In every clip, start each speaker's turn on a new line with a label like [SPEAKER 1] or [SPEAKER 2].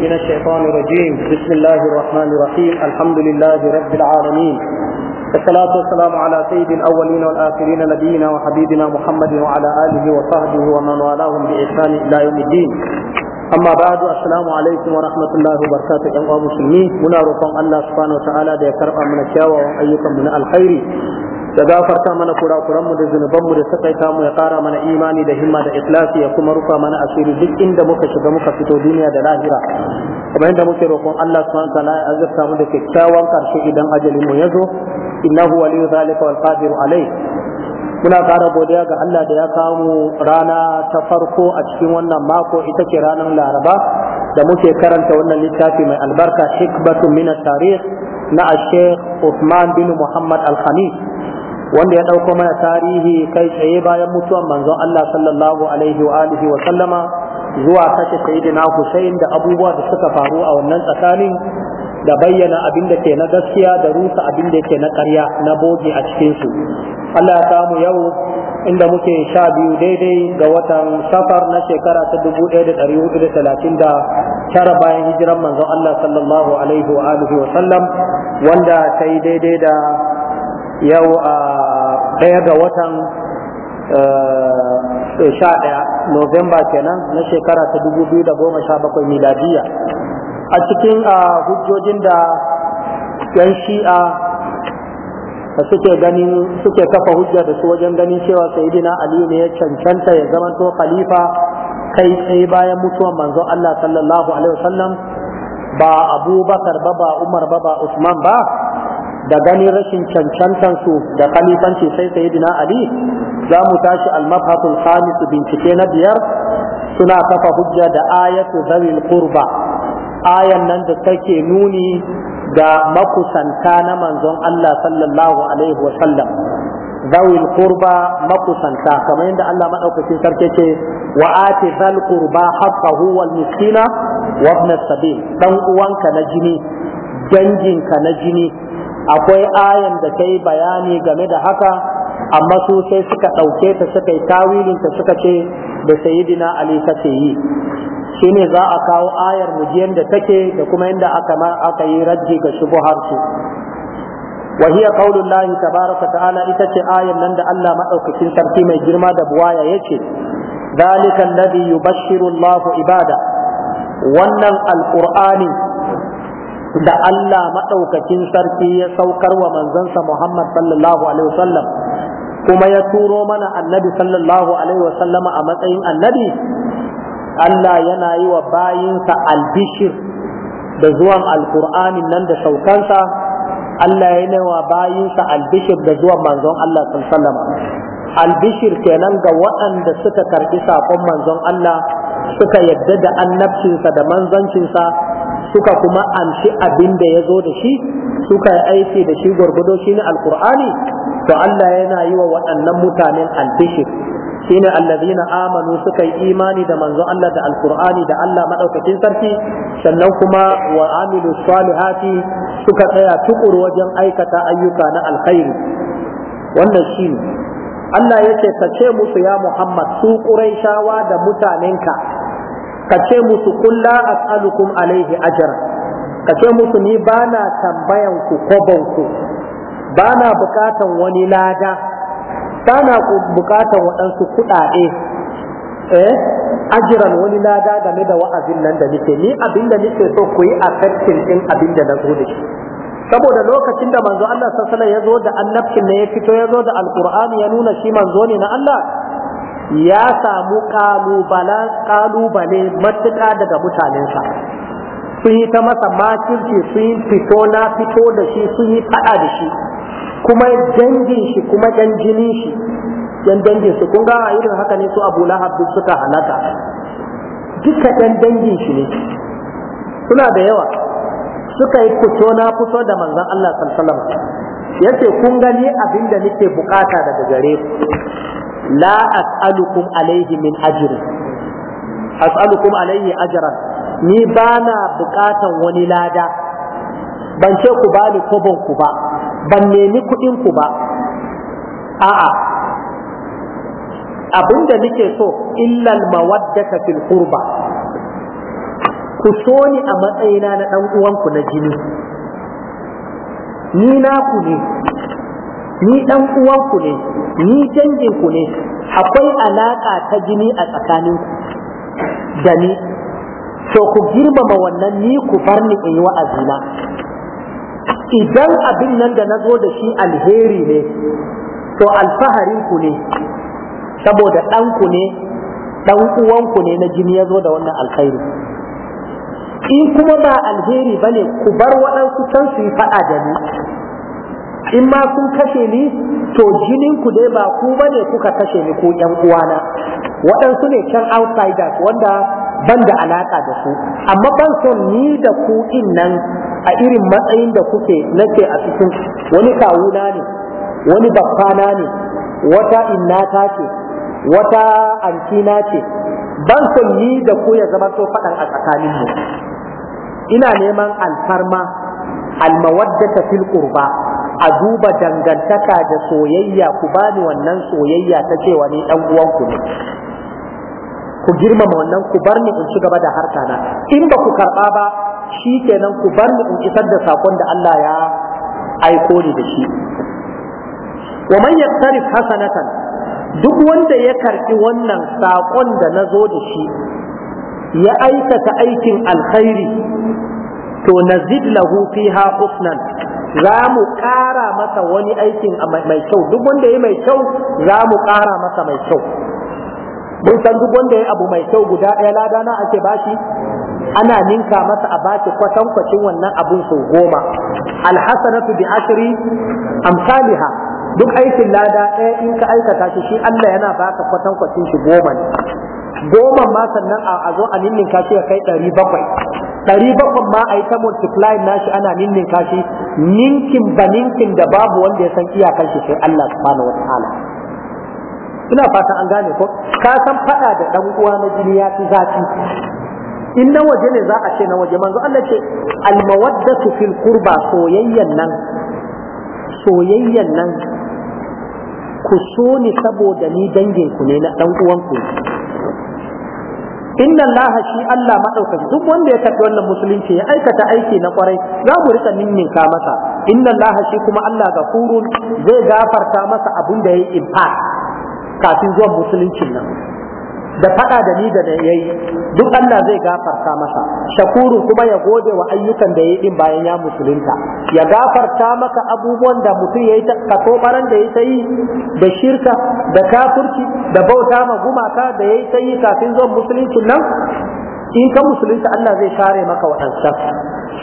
[SPEAKER 1] من الشيطان الرجيم بسم الله الرحمن الرحيم الحمد لله رب العالمين الصلاة والسلام على سيد الأولين والآخرين نبينا وحبيبنا محمد وعلى آله وصحبه ومن والاهم بإحسان إلى يوم الدين أما بعد السلام عليكم ورحمة الله وبركاته أيها المسلمين منا رقم الله سبحانه وتعالى دي من الشاوى وأيكم من الخير Da gafarta mana kura kurakuranmu da zunubanmu da takaita mu ya kara mana imani da himma da ikhlasi ya kuma rufa mana asiri duk inda muka shiga muka fito duniya da lahira Kuma inda muke roƙon Allah subhanahu wa ta'ala ya azurta mu da kyakkyawan karshe idan ajalin mu ya zo innahu waliyyu zalika wal qadir alayh muna ƙara godiya ga Allah da ya kawo rana ta farko a cikin wannan mako ita ce ranar Laraba da muke karanta wannan littafi mai albarka hikbatun min tarikh na Sheikh Uthman bin Muhammad Al-Khamis wanda ya ɗauko mana tarihi kai tsaye bayan mutuwan manzon Allah sallallahu alaihi wa alihi wa sallama zuwa kashe sayyidina Hussein da abubuwa da suka faru a wannan tsakanin da bayyana abin da ke na gaskiya da rusa abin da ke na ƙarya na bogi a cikin su Allah ya samu yau inda muke sha biyu daidai ga watan safar na shekara ta dubu ɗaya da ɗari hudu da talatin da tara bayan hijiran manzon Allah sallallahu alaihi wa alihi wa sallam wanda ta yi daidai da yau a ɗaya ga watan eh, eh, sha ɗaya Novemba kenan na shekara ta dubu biyu da goma sha bakwai miladiya a cikin hujjojin da yan shi'a da suke ganin suke kafa hujja da su wajen ganin cewa sayidina ali ne ya cancanta ya zamanto khalifa kai tsaye bayan mutuwan manzon Allah sallallahu alaihi wasallam ba Abubakar ba ba Umar ba ba Usman ba da ganin rashin su da kalifanci sai dina ali za mu tashi al-mabhasul khamis bincike na biyar suna kafa hujja da ayatu zawil qurba ayan nan da take nuni da makusanta na manzon Allah sallallahu alaihi wa sallam zawil qurba makusanta kamar yadda Allah madaukake sarki ce wa ati zal qurba haqqahu wal miskina wa ibn sabil dan uwanka na jini danginka na jini akwai ayan da ta yi bayani game da haka amma su sai suka ɗauke ta suka yi tawilin ta suka ce da sayidina ali kace yi shine za a kawo ayar mujiyan da take da kuma inda aka aka yi rajji ga shubuhar su wa hiya qaulullahi tabaraka ta'ala ita ce ayar nan da Allah madaukakin sarki mai girma da buwaya yace ذلك الذي يبشر الله ibada. wannan alƙur'ani da Allah maɗaukakin sarki ya saukar wa manzansa Muhammad sallallahu alaihi wasallam kuma ya turo mana annabi sallallahu alaihi wasallama a matsayin annabi Allah yana yi wa bayinsa albishir da zuwan alkur'anin nan da saukansa Allah yana wa bayinsa albishir da zuwan manzon Allah sallallahu albishir kenan ga waɗanda suka karɓi saƙon manzon Allah suka yadda da annabcinsa da manzancinsa suka kuma amshi abin da ya zo da shi suka yi aiki da shi gwargwado shi ne alkur'ani to Allah yana yi wa waɗannan mutanen albishir shi ne allazina amanu suka yi imani da manzo Allah da alkur'ani da Allah maɗaukakin sarki sannan kuma wa amilu salihati suka tsaya tukur wajen aikata ayyuka na alkhairi wannan shi ne Allah ya ce ka ce musu ya Muhammad su Qurayshawa da mutanenka ka ce musu kulla as'alukum alaihi ajra ka ce musu ni bana tambayan ku koban ku bana bukatan wani lada bana bukatan waɗansu kuɗaɗe eh ajiran wani lada game da wa'azin nan da nake ni abin da nake so ku yi a karkin ɗin abin da na zo da shi saboda lokacin da manzo Allah sallallahu alaihi ya zo da annabcin ne ya fito ya zo da alqur'ani ya nuna shi manzo ne na Allah ya samu kalubale matuƙa daga mutanensa sun yi ta masa makirci sun yi fito na fito da shi sun yi faɗa da shi kuma dangin shi kuma ɗan jinin shi ɗan dangin su kun ga irin haka ne su abu lahab duk suka halaka duka ɗan dangin shi ne suna da yawa suka yi fito na fito da manzon Allah sallallahu alaihi wasallam yace kun gani abin da nake bukata daga gare ku la as'alukum alaihi min ajrin as'alukum alaihi ajran ni bana bukatan wani lada ban ce ku bani kobon ku ba ban nemi kuɗin ku ba a'a abinda nake so illal mawaddata fil qurba ku so ni a matsayina na dan uwanku na jini ni na ku ne ni dan uwanku ne ni dangin ku ne akwai alaka ta jini a tsakanin da ni to ku girmama wannan ni ku bar ni in yi wa'azi na idan abin nan da na zo da shi alheri ne to alfaharin ku ne saboda dan ku ne dan uwanku ne na jini ya zo da wannan alkhairi in kuma ba alheri bane ku bar waɗansu can su yi faɗa da ni in ma kun kashe ni to jinin ku dai ba ku bane kuka kashe ni ko yan uwana waɗansu ne can outsiders wanda ban da alaka da su amma ban son ni da ku in nan a irin matsayin da kuke nake a cikin wani kawuna ne wani babbana ne wata innata ce wata antina ce ban son ni da ku ya zama to faɗan a tsakaninmu ina neman alfarma almawaddata fil qurba a duba dangantaka da soyayya ku bani wannan soyayya ta cewa ni dan ne ku girmama wannan ku bar ni in ci gaba da harka na in ba ku karba ba shikenan ku bar ni in isar da sakon da Allah ya aiko ni da shi wa man yaktarif hasanatan duk wanda ya karbi wannan sakon da na zo da shi ya aikata aikin alkhairi to nazid lahu fiha husnan za mu ƙara masa wani aikin mai kyau duk wanda ya mai kyau za mu ƙara masa mai kyau mun san duk wanda ya abu mai kyau guda ɗaya lada na ake bashi ana ninka masa a baki kwatan kwacin wannan abun sau goma alhasanatu bi ashri amsaliha duk aikin lada ɗaya in ka aikata shi shi Allah yana baka kwatan kwacin shi goma ne goma ma sannan a zo a ninninka shi ya kai ɗari bakwai ɗari bakwai ma a yi ta multiply shi ana ninnin kashi ninkin ba ninkin da babu wanda ya san iyakar shi sai Allah subhanahu wataala ina fata an gane ko ka san fada da dan uwa na jini ya fi zafi in na waje ne za a ce na waje manzo Allah ce al mawaddatu fil qurba soyayyan nan soyayyan nan ku so ni saboda ni dangin ku ne na dan uwan inna Allah shi Allah madaukaki duk wanda ya karbi wannan musulunci ya aikata aiki na kwarai za mu rika ka masa inna Allah shi kuma Allah gafurun zai gafarta masa abin da ya yi impact kafin zuwan musuluncin nan da faɗa da ni da da yayi duk Allah zai gafarta masa shakuru kuma ya gode wa ayyukan da yayi din bayan ya musulunta ya gafarta maka abubuwan da mutum yayi ta katobaran da yayi da shirka da kafirci da bauta ma gumaka da yayi ta kafin zuwan musulunci nan in ka musulunta Allah zai share maka waɗansan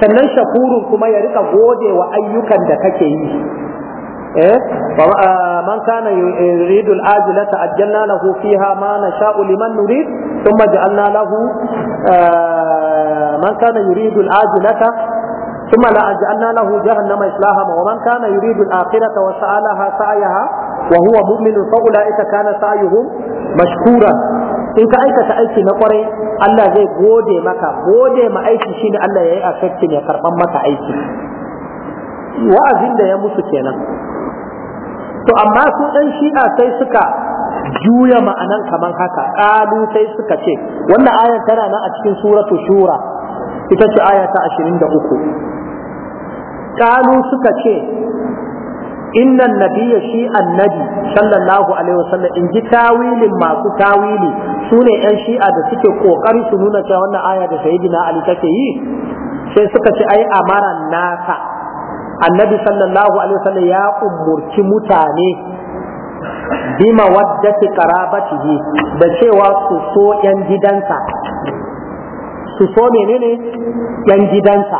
[SPEAKER 1] sannan shakurun kuma ya rika gode wa ayyukan da kake yi eh ah, man kana eh, yuridu al-ajilata ajjalna lahu fiha ma nasha'u liman nurid thumma ja'alna lahu ah, man kana ثم لأجعلنا له جهنم إصلاها ومن كان يريد الآخرة وسعى لها سعيها وهو مؤمن فأولئك كان سعيهم مشكورا in ka aikata aiki na kwarai Allah zai gode maka gode ma aiki shine Allah ya yi affecting ya karban maka aiki wa'azin da ya musu kenan to amma su ɗan shi'a sai suka juya ma'anan kaman haka ƙalu sai suka ce wannan ayar tana nan a cikin suratu shura ita ce aya ta 23 ƙalu suka ce inna nabiyya shi annabi sallallahu alaihi wasallam in ji tawilin masu tawili su ne yan shi'a da suke kokari su nuna cewa wannan aya da sayyidina ali take yi sai suka ce ai amara nasa annabi sallallahu alaihi wasallam ya umurci mutane bima waddati qarabatihi da cewa su so yan gidansa su so menene yan gidansa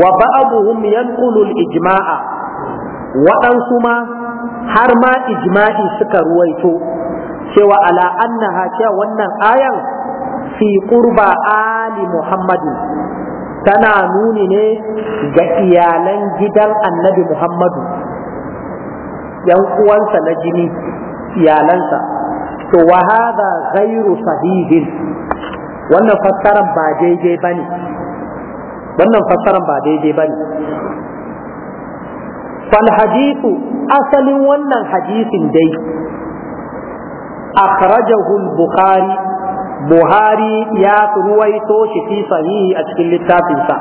[SPEAKER 1] wa ba'dhum yanqulu al-ijma'a waɗansu ma har ma ijma'i suka ruwaito cewa ala annaha cewa wannan ayan fi qurba ali muhammadin tana nuni ne ga iyalan gidan annabi Muhammadu, ‘yan uwansa na jini, iyalansa, to wa haza gairu sahihin, wannan fassaran ba daidai ba ne, wannan fassaran ba daidai ba ne. Falhadisu, asalin wannan hadisin dai, akhrajahu al-Bukhari buhari ya ruwaito shi fi sahihi a cikin littafinsa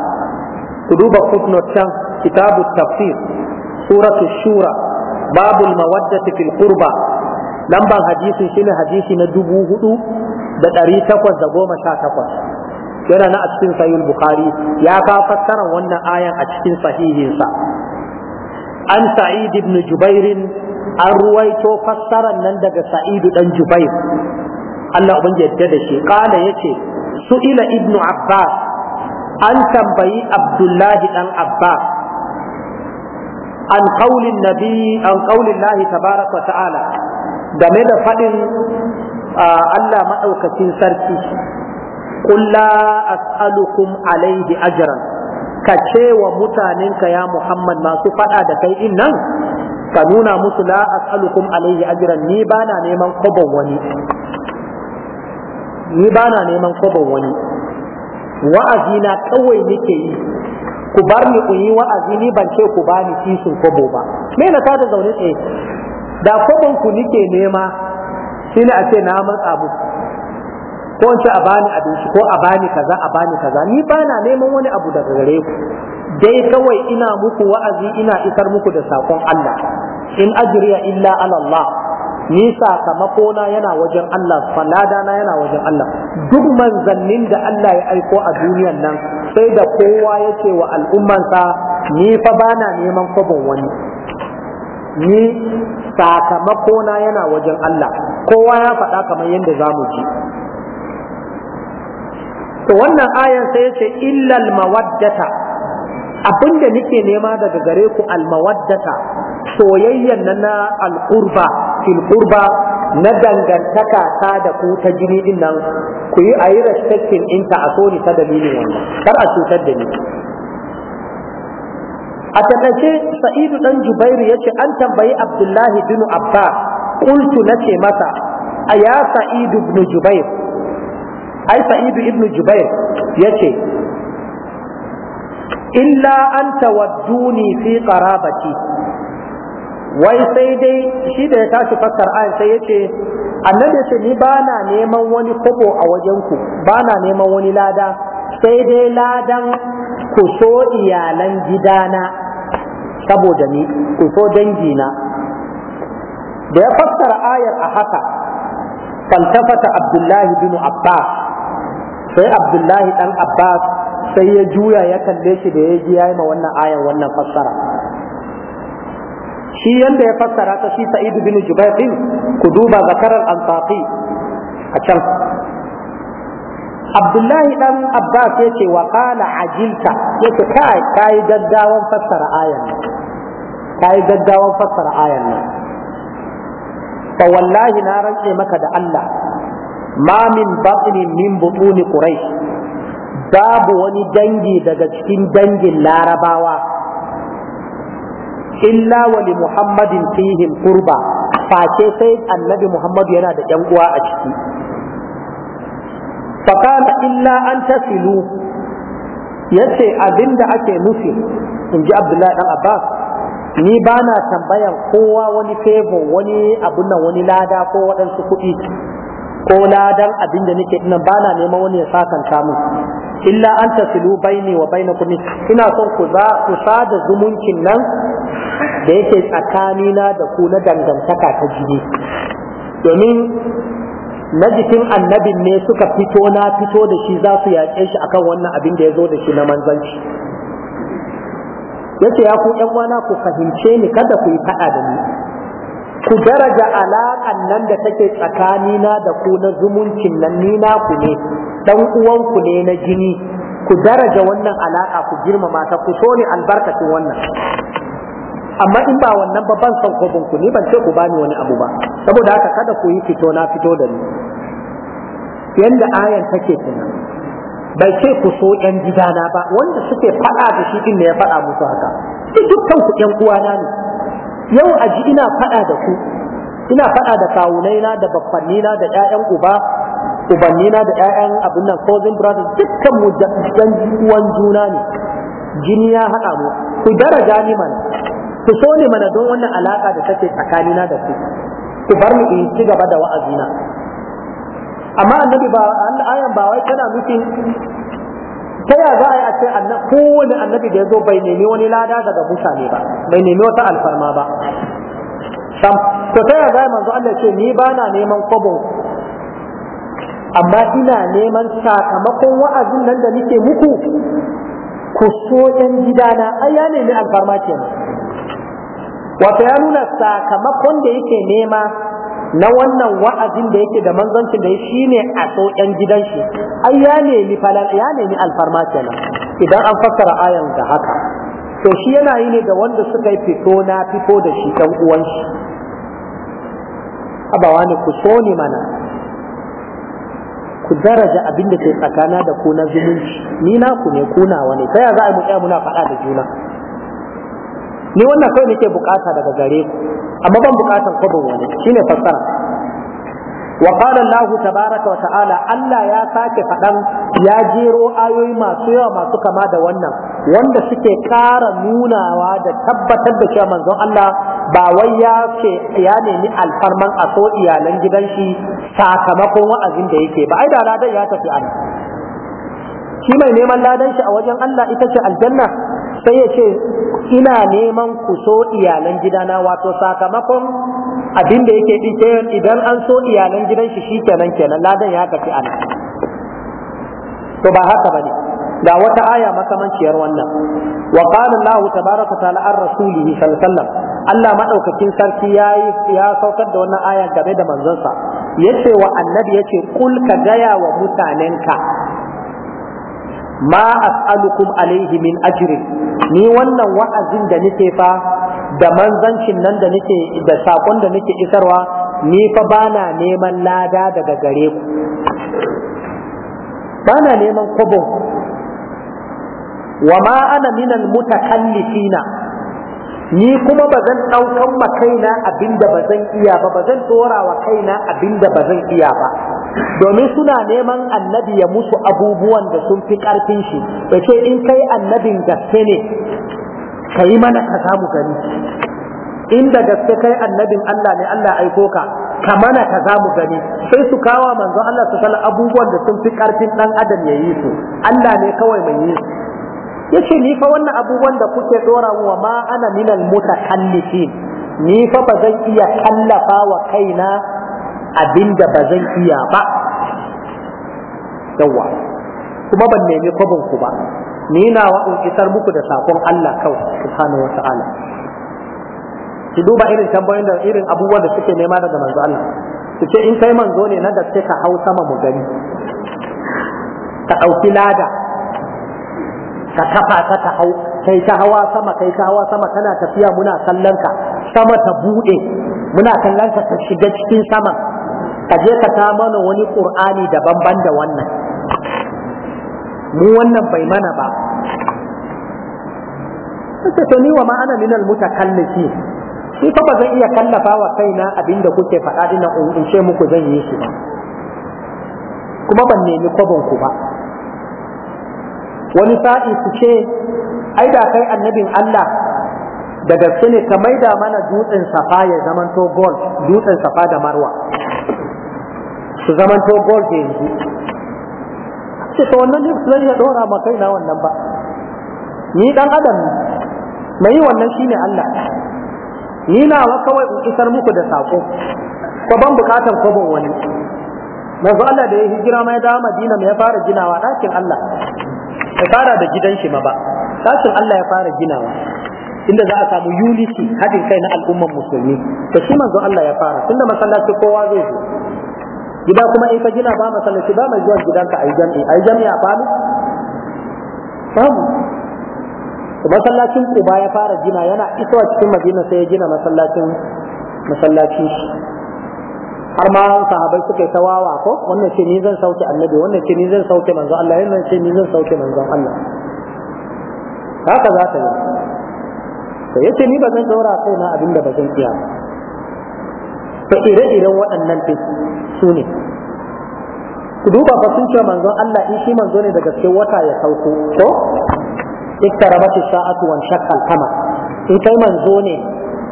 [SPEAKER 1] ku duba footnote can kitabu tafsir suratu shura babul mawaddati fil qurba lamban hadisin shine hadisi na dubu hudu da ɗari takwas da goma sha takwas yana na a cikin bukhari ya ka fassara wannan ayan a cikin sahihinsa an sa'id ibn jubairin an ruwaito fassarar nan daga sa'idu dan jubair Allah ubin yadda da shi kala yace su ila ibnu abbas an tambayi abdullahi dan abbas an qaulin nabi an qaulin tabaraka wa ta'ala game da fadin Allah madaukakin sarki qul la as'alukum alaihi ajran ka ce wa mutanenka ya Muhammad masu fada da kai din nan ka nuna musu la as'alukum alaihi ajran ni bana neman koban wani ni ba na neman kwabon wani wa'azi na kawai nake yi ku bar ni ku yi wa'azi ni ban ce ku bani cikin kwabo ba me na ta zaune tsaye da kwabon ku nike nema shi ne a ce na abu ko in ce a bani abinci ko a bani kaza a bani kaza ni ba na neman wani abu daga gare ku dai kawai ina muku wa'azi ina isar muku da sakon Allah in ajriya illa ala Allah ni sakamako na yana wajen Allah falada na yana wajen Allah duk manzannin da Allah ya aiko a duniyan nan sai da kowa ya ce wa al'ummansa ni fa bana neman kwabon wani ni sakamako na yana wajen Allah kowa ya faɗa kamar yadda za mu ji to wannan ayan sai ya ce illal mawaddata Abin da nake nema daga gare ku almawaddata soyayyan nan na alqurba fil na dangantaka ta da ku ta jini din nan ku yi yi respecting inta a so ta dalilin wannan kar a cutar da ni a takaice sa'idu dan jubairu yace an tambayi abdullahi bin abbas qultu nace masa a ya sa'idu ibn jubair ai sa'idu ibn jubair yace illa an tawadduni fi qarabati wai sai dai shi da ya tashi fassar ayin sai yace annabi yace ni bana neman wani kobo a wajen ku bana neman wani lada sai dai ladan ku so iyalan gidana saboda ni ku so dangina da ya fassara ayar a haka falsafata abdullahi bin abbas sai abdullahi dan abbas sai ya juya ya kalle shi da ya ji ya yi ma wannan ayan wannan fassara shi yadda ya fassara ta shi sa'id bin jubair din ku duba zakarar antaqi a can abdullahi dan abbas ya ce wa qala ajilta yace kai kai gaggawan fassara ayan nan kai gaggawan fassara ayan nan fa wallahi na rantse maka da Allah ma min batni min butuni quraish babu wani dangi daga cikin dangin larabawa illa wali muhammadin fihim kurba face sai annabi muhammadu yana da yan uwa a ciki fakana illa an tasilu yace abinda ake nufi in ji abdullahi dan abbas ni ba na tambayan kowa wani fevo wani abun wani lada ko waɗansu kuɗi ko ladan abin da nake ina ba na neman wani ya sakanta mu illa an tasilu baini wa bainakum ina son ku za ku sada zumuncin nan da yake tsakanina da ku na dangantaka ta jini domin na jikin annabin ne suka fito na fito da shi za su yaƙe shi akan wannan abin da ya zo da shi na manzanci yace ya ku ƴan wana ku fahimce ni kada ku yi faɗa da ni ku daraja alaƙan nan da take tsakanina da ku na zumuncin nan ni na ku ne dan uwanku ne na jini ku daraja wannan alaka ku girmama ta ku so ne albarkacin wannan amma in ba wannan ba babban sankobin ku ni ban ce ku bani wani abu ba saboda haka kada ku yi fito na fito da ni yanda ayan take kenan bai ce ku so yan gidana ba wanda suke faɗa da shi din ya faɗa musu haka dukkan ku yan uwana ne yau a ji ina faɗa da ku ina faɗa da kawunaina da baffannina da ƴaƴan uba ubannina da 'ya'yan abin nan cousin brothers dukkan mu dan uwan juna ne jini ya haɗa mu ku daraja ni mana ku so ni mana don wannan alaka da take tsakanina da ku ku bar ni in ci gaba da wa'azina amma annabi ba ayan ba wai tana nufin ta ya za a yi a ce kowane annabi da ya zo bai nemi wani lada daga mutane ba bai nemi wata alfarma ba to ta ya za a manzo Allah ce ni ba na neman kwabon amma ina neman sakamakon wa'azin nan da nike muku ku so ‘yan gidana ai ya nemi alfarma kenan wato ya nuna sakamakon da yake nema na wannan wa'azin da yake da manzancin da shi ne a so ‘yan gidan shi ai ya nemi ya nemi alfarma kenan idan an fassara ayan da haka to shi yana yi ne da wanda suka yi fito na fito da shi ɗan uwan shi abawa ne ku so ne mana ku daraja abin da ke tsakana da ku na zumunci ni na ku ne ku nawa ne ta ya za a mu muna faɗa da juna ni wannan kai nake bukata daga gare ku amma ban bukatan kwabon wani shine fassara wa qala Allah tabaraka wa ta'ala Allah ya sake faɗan ya jero ayoyi masu yawa masu kama da wannan wanda suke kara nunawa da tabbatar da cewa manzon Allah ba wai ya ce ya nemi alfarman a so iyalan gidan sakamakon wa'azin da yake ba ai da ladan ya tafi an shi mai neman ladan shi a wajen Allah ita ce aljanna sai ya ce ina neman ku so iyalan gidana wato sakamakon abin da yake din idan an so iyalan gidan shi shi kenan kenan ladan ya tafi ana to ba haka bane da wata aya makamanciyar wannan wa qala Allah ta ta'ala ar rasulihi sallallahu alaihi wasallam Allah madaukakin sarki yayi ya saukar da wannan aya game da manzonsa yace wa annabi yace kul ka gaya wa mutanenka ma as'alukum alaihi min ajri ni wannan wa'azin da nake fa da manzancin nan da nake da sakon da nake isarwa ni fa bana neman lada daga gare ku bana neman kobo wa ma ana minal mutakallifina ni kuma ba zan ɗaukan ma kaina abinda ba zan iya ba ba zan kaina abinda ba zan iya ba domin suna neman annabi ya musu abubuwan da sun fi ƙarfin shi ya ce in kai annabin gaske ne ka yi mana ka samu gani inda gaske kai annabin Allah ne Allah aiko ka ka mana ka za mu gani sai su kawo manzon Allah su sallar abubuwan da sun fi karfin dan adam ya yi su Allah ne kawai mai yi su ce ni fa wannan abubuwan da kuke ɗorawa wa ma ana minal mutakallifin ni fa ba zan iya kallafa wa kaina abinda ba zan iya ba yawa kuma ban nemi kwabin ku ba ni na wa'in isar muku da sakon Allah kawai subhanahu wata'ala ki duba irin tambayoyin da irin abubuwan da suke nema daga manzo Allah su ce in kai manzo ne na gaske ka hau sama mu gani ka ɗauki lada ka kafa ta ka hau kai ta hawa sama kai ta hawa sama kana tafiya muna kallon ka sama ta buɗe muna kallon ka ta shiga cikin sama. ka je ka ta mana wani Ƙur'ani daban ban da wannan mu wannan bai mana ba sai to ni wa ma ana minal mutakallifi shi fa ba zan iya kallafa wa kaina abinda kuke faɗa dina in ce muku zan yi shi ba kuma ban nemi kwabon ku ba wani sa'i su ce ai da kai annabin Allah da gaske ne ka maida mana dutsen safa ya zamanto gold dutsen safa da marwa su zaman to bol ke yanzu ce to wannan ne zai ya dora ma kai na wannan ba ni dan adam mai yi wannan shine Allah ni nawa kawai in isar muku da sako ko ban bukatar kwabon wani manzo Allah da ya hijira mai ya Madina mai ya fara ginawa ɗakin Allah ya fara da gidan shi ma ba ɗakin Allah ya fara ginawa inda za a samu unity haɗin kai na al'ummar musulmi da shi manzo Allah ya fara tunda masallaci kowa zai zo gida kuma in ka gina ba masallaci ba mai zuwan gidanka a yi jami'i a yi jami'i a fami masallacin kuba ya fara gina yana isowa cikin madina sai ya gina masallacin masallacin shi har ma sahabai suka yi tawawa ko wannan ce ni zan sauke annabi wannan ce ni zan sauke manzo Allah wannan ce ni zan sauke manzo Allah haka za ta yi to yace ni ba zan daura kaina abinda ba zan iya ba ire-iren waɗannan fitini su ne ku duba ba sun ce manzon Allah in shi manzo ne daga cikin wata ya sauko to iktarabat sa'atu wan shaqqa al-qamar in kai manzo ne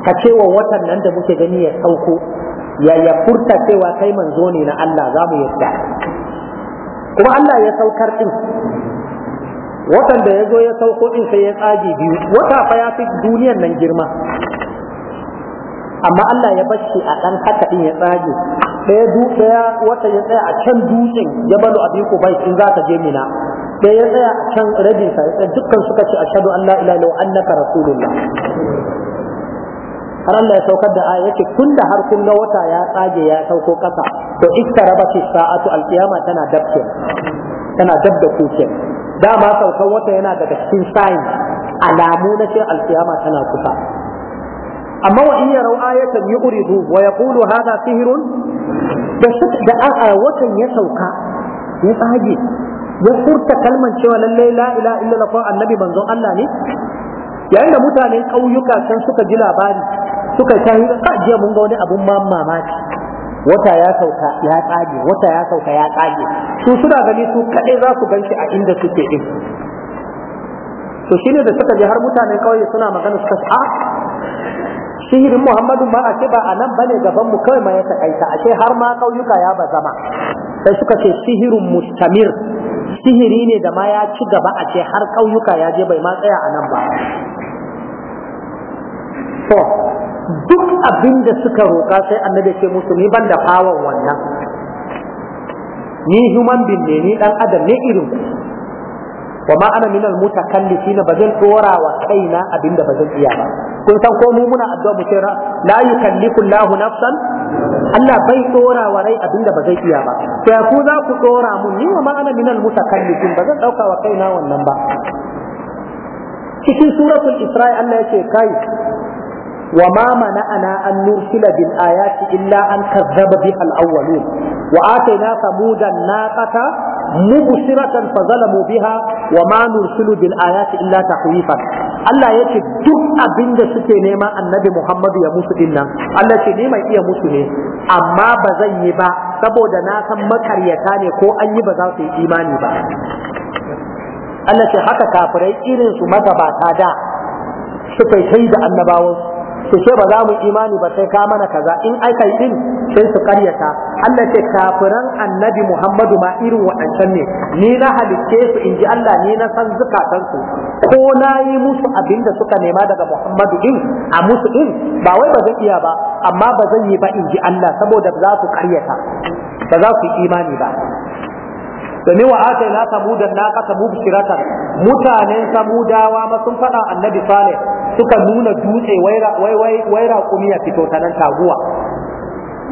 [SPEAKER 1] ka ce wa watan nan da muke gani ya sauko ya ya furta cewa kai manzo ne na Allah za mu yarda kuma Allah ya saukar din watan da ya zo ya sauko din sai ya tsage biyu wata fa ya fi duniyar nan girma amma Allah ya bashi a ɗan haka din ya tsage ɗaya ɗaya wata ya tsaya a can dutsen ya balo abin ku bai in za ka je mina ɗaya ya tsaya a can rabin sa ya dukkan suka ce ashhadu an la ilaha illa annaka rasulullah har Allah ya saukar da aya yake kun da har kun ga wata ya tsage ya sauko kasa to iktarabati sa'atu alqiyama tana dabke tana dab da kuke dama saukar wata yana daga cikin sign alamu na ce alqiyama tana kusa amma wa in yarau ayatan yuridu wa yaqulu hadha sihrun da da a watan ya sauka ya tsage ya furta kalman cewa lallai la ilaha illallah ko annabi manzon Allah ne yayin da mutanen ƙauyuka can suka ji labari suka tafi ka jiya mun ga wani abun mamaki wata ya sauka ya tsage wata ya sauka ya tsage su suna gani su kaɗai za su ganshi a inda suke din to shine da suka ji har mutanen ƙauye suna magana suka a ah, sihirin muhammadu ma a ce ba a nan bane gaban mu kawai ma ya takaita ashe har ma kauyuka ya ba zama sai suka ce sihirin mustamir sihiri ne da ma ya ci gaba a ce har kauyuka ya je bai ma tsaya a nan ba to duk abin da suka roƙa sai annabi ce musu ni ban da fawon wannan ni human being ne ni dan adam ne irin wa ma ana minal mutakallifina bazan dora wa kaina abinda bazan iya ba kun san ko mu muna addu'a mu ce la yukallifu Allahu nafsan Allah bai dora wa rai abinda zai iya ba to ya ku za ku tsora mun ni wa ma ana minal mutakallifin bazan dauka wa kaina wannan ba cikin suratul isra'i Allah yake kai وما منعنا أن نرسل بالآيات إلا أن كذب بها الأولون وآتينا ثمود الناقة مبصرة فظلموا بها وما نرسل بالآيات إلا تخويفا Allah ya ce duk abin da suke nema annabi Muhammadu ya musu dinnan, Allah ce ne mai iya musu ne amma ba zan yi ba saboda na san makaryata ne ko an yi ba za su yi imani ba Allah ce haka kafirai irin su magabata da suka yi da annabawansu su ce ba za mu imani ba sai ka mana kaza in ai kai din sai su karyata Allah ce kafiran annabi Muhammadu ma irin waɗancan ne ni na halicce su inji Allah ni na san zukatan su ko na yi musu abin da suka nema daga Muhammadu din a musu din ba wai ba zai iya ba amma ba zai yi ba inji Allah saboda za su karyata ba za su imani ba domin wa aka ila samudan na ka samu bishirata mutanen samudawa ma sun faɗa annabi salih suka nuna dutse wai raƙumi ya fito ta nan taguwa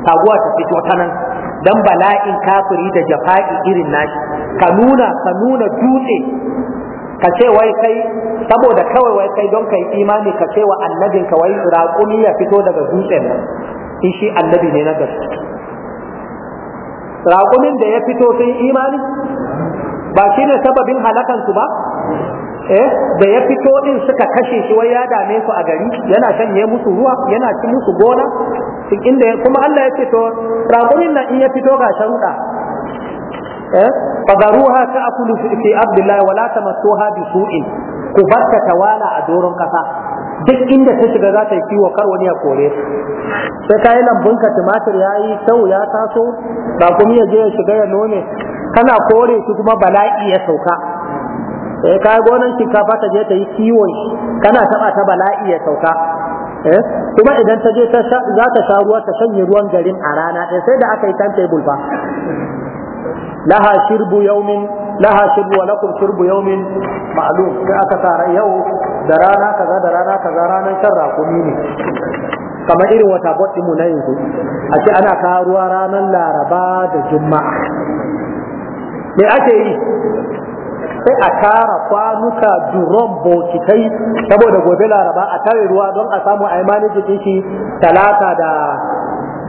[SPEAKER 1] taguwa ta fito ta nan dan bala'in kafiri da jafa'i irin nashi ka nuna ka nuna dutse ka ce wai kai saboda kawai wai kai don kai imani ka ce wa annabinka wai raƙumi ya fito daga dutsen nan in shi annabi ne na gaske raƙumin da ya fito sun imani ba shi ne sababin halakansu ba eh da ya fito din suka kashe shi wai ya dame su a gari yana shanye musu ruwa yana ci musu gona inda kuma Allah ya fito raƙumin nan in ya fito ga sharuɗa eh fadaruha ta'kulu fi abdillahi wa la tamassuha bi su'in ku barka tawala a doron kasa duk inda ta shiga za ta yi kiwo kar wani ya kore sai ka yi ka tumatir ya yi sau ya taso ba kuma ya je ya shiga ya nome kana kore shi kuma bala'i ya sauka sai eh, ka yi gonan shinkafa ta je ta yi kiwon kana taba ta bala'i ya sauka eh, kuma idan ta je za ta sha ruwa ta shanye ruwan garin a rana ɗaya sai da aka yi timetable ba. laha shirbu yaumin laha shirbu wa lakum shirbu yaumin ma'lum sai aka tara yau da rana kaza da rana kaza ranar shan rakumi ne kamar irin wata bot mu na yanzu a ce ana kawo ruwa ranar laraba da juma'a me ake yi sai a tara kwanuka duron bokitai saboda gobe laraba a tare ruwa don a samu a yi manajin shi talata da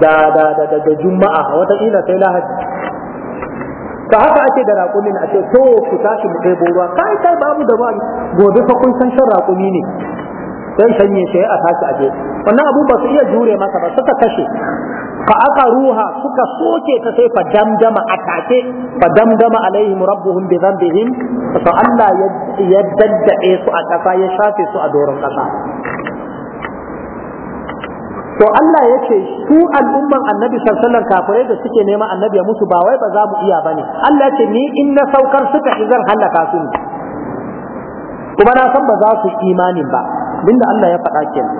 [SPEAKER 1] da da da da juma'a wataƙila sai lahadi ka haka ake da raƙumi na ce to ku tashi mu ɗebo ruwa kai kai babu da ruwa gobe fa kun san shan raƙumi ne dan sanye shi a tashi a je wannan abu ba su iya jure masa ba suka kashe fa aka ruha suka soke ta sai fa damdama take, fa damdama alaihim rabbuhum bi dhanbihim fa Allah ya daddade su a kasa ya shafe su a doron kasa to Allah ya ce su al'umman annabi sarsallan kafirai da suke nema annabi ya mutu ba wai ba za mu iya bane Allah ya ce ni in na saukar suka shi zan hallaka su ne kuma na san ba za su imanin ba abinda Allah ya faɗa kenan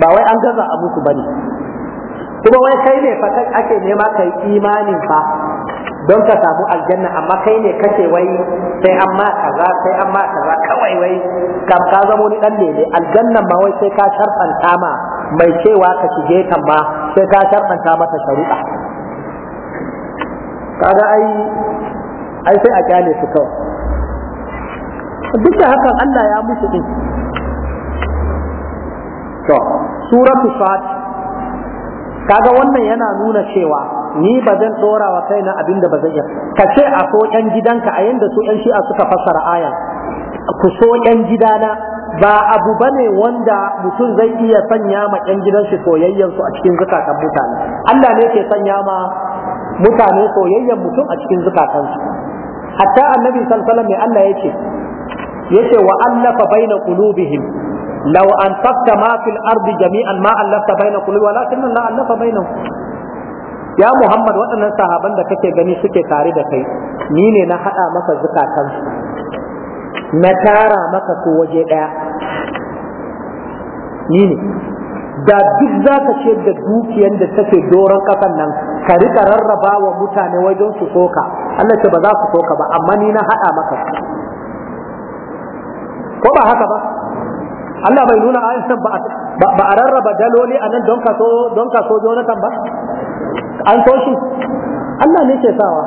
[SPEAKER 1] ba wai an gaza a musu bane kuma wai kai ne fa ake nema kai imanin fa don ka samu aljanna amma kai ne kace wai sai an ma kaza sai an ma kaza kawai wai kam ka zamo ni dan lele aljanna ma wai sai ka sharfanta ma mai cewa ka shige kan ma sai ka sharfanta mata shari'a kaga ai ai sai a kyale su kawai duk da hakan Allah ya musu din to suratu fat kaga wannan yana nuna cewa ni ba zan dora wa kaina abinda ba zan iya ka ce a so yan gidanka a yanda su yan shi'a suka fassara aya ku so yan gidana ba abu ba ne wanda mutum zai iya sanya ma yan gidan shi soyayyan su a cikin zakatan mutane Allah ne ke sanya ma mutane soyayyan mutum a cikin zakatan su hatta annabi sallallahu alaihi wasallam Allah yake yace wa allafa baina qulubihim law anfaqta ma fil ardi jami'an ma allafta baina qulubi walakin Allah allafa bainahum ya Muhammad waɗannan sahaban da kake gani suke tare da kai ni ne na haɗa maka zukatansu na tara maka su waje ɗaya ni ne da duk za ka ce da dukiyar da take doron kafan nan ka riƙa rarraba wa mutane wajen su soka Allah ce ba za su soka ba amma ni na haɗa maka su. ko ba haka ba Allah bai nuna ayin ba a rarraba daloli a nan don ka so don Jonathan ba an so shi Allah ne ke sawa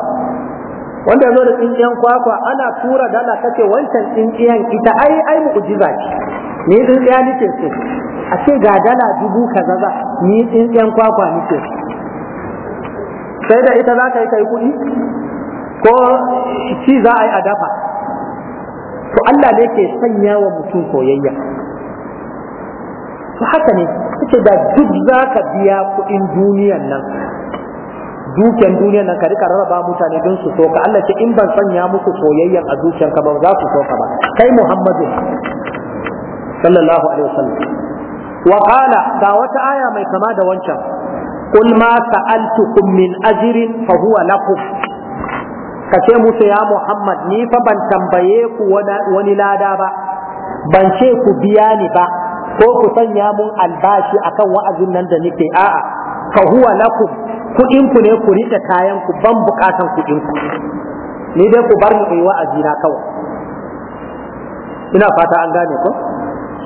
[SPEAKER 1] wanda zo da tsintsiyan kwakwa ana tura dala kace wancan tsintsiyan ita ai ai mu'jiza ce ni tsintsiya nake so a ce ga dala dubu kaza za ni tsintsiyan kwakwa nake sai da ita za ka yi kai kuɗi ko ci za a yi a dafa to Allah ne ke sanya wa mutum koyayya to haka ne kace da duk za ka biya kuɗin duniyar nan dukiyar duniyar nan ka rika rarraba mutane don su soka Allah ce in ban sanya muku soyayyen a ka ba za su soka ba kai Muhammadu sallallahu alaihi wasallam wa qala ga wata aya mai kama da wancan qul ma sa'altukum min ajrin fa huwa lakum kace musu ya Muhammad ni fa ban tambaye ku wani lada ba ban ce ku biya ni ba ko ku sanya mun albashi akan wa'azin nan da nake a'a fa huwa lakum kuɗin ku ne ku rike kayan ku ban bukatan kuɗin ku ni dai ku bar ni wa'azi na kawai ina fata an gane ko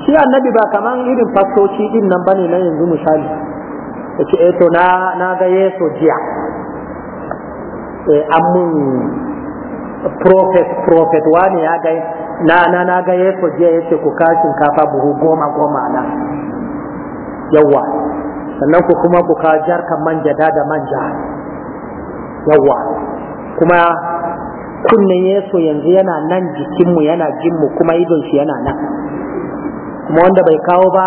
[SPEAKER 1] shi annabi ba kaman irin fastoci din nan bane na yanzu misali yace eh to na na ga yeso jiya eh amun prophet prophet wani ya ga na na na ga yeso jiya yace ku kashin kafa buhu goma goma na yawa sannan ku kuma ku ka jarka manja da manja yawa kuma kunnen yeso yanzu yana nan jikinmu yana jinmu kuma idon shi yana nan kuma wanda bai kawo ba